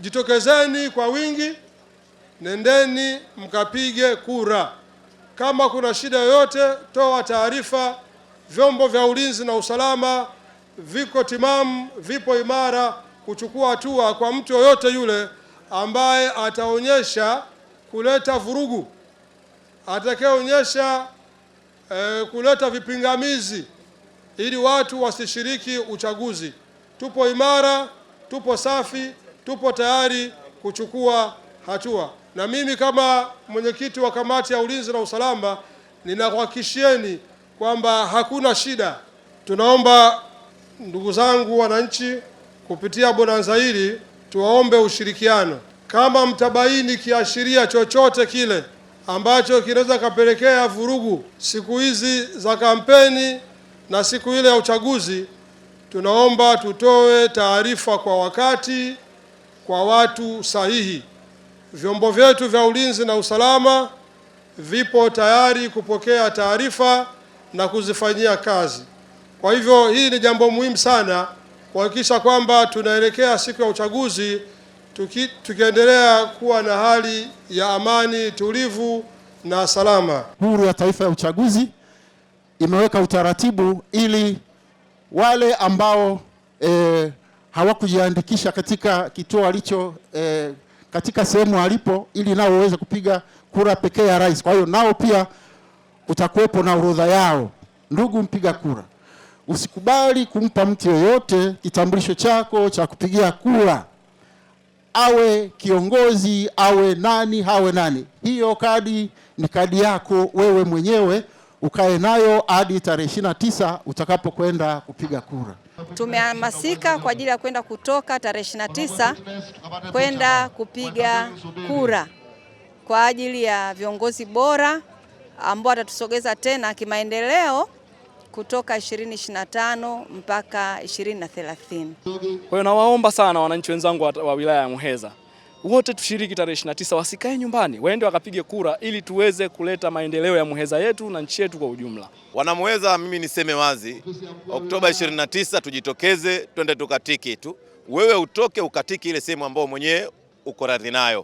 jitokezeni kwa wingi, nendeni mkapige kura. Kama kuna shida yoyote, toa taarifa. Vyombo vya ulinzi na usalama viko timamu, vipo imara kuchukua hatua kwa mtu yoyote yule ambaye ataonyesha kuleta vurugu, atakayeonyesha e, kuleta vipingamizi ili watu wasishiriki uchaguzi. Tupo imara, tupo safi tupo tayari kuchukua hatua, na mimi kama mwenyekiti wa kamati ya ulinzi na usalama ninakuhakikishieni kwamba hakuna shida. Tunaomba ndugu zangu wananchi, kupitia bonanza hili tuwaombe ushirikiano. Kama mtabaini kiashiria chochote kile ambacho kinaweza kapelekea vurugu siku hizi za kampeni na siku ile ya uchaguzi, tunaomba tutoe taarifa kwa wakati kwa watu sahihi. Vyombo vyetu vya ulinzi na usalama vipo tayari kupokea taarifa na kuzifanyia kazi. Kwa hivyo, hii ni jambo muhimu sana kuhakikisha kwamba tunaelekea siku ya uchaguzi tuki, tukiendelea kuwa na hali ya amani tulivu na salama. Huru ya Taifa ya Uchaguzi imeweka utaratibu ili wale ambao eh, hawakujiandikisha katika kituo alicho eh, katika sehemu alipo ili nao waweze kupiga kura pekee ya rais. Kwa hiyo nao pia utakuwepo na orodha yao. Ndugu mpiga kura, usikubali kumpa mtu yoyote kitambulisho chako cha kupigia kura, awe kiongozi, awe nani, hawe nani. Hiyo kadi ni kadi yako wewe mwenyewe, ukae nayo hadi tarehe 29 tisa utakapokwenda kupiga kura tumehamasika kwa ajili ya kwenda kutoka tarehe 29 kwenda kupiga kura kwa ajili ya viongozi bora ambao watatusogeza tena kimaendeleo kutoka 2025 mpaka 2030. Kwa hiyo nawaomba sana wananchi wenzangu wa wilaya ya Muheza wote tushiriki tarehe 29, wasikae nyumbani, waende wakapige kura ili tuweze kuleta maendeleo ya Muheza yetu na nchi yetu kwa ujumla. Wanamuheza, mimi niseme wazi, Oktoba 29 tujitokeze, twende tukatiki tu. Wewe utoke ukatiki ile sehemu ambayo mwenyewe uko radhi nayo.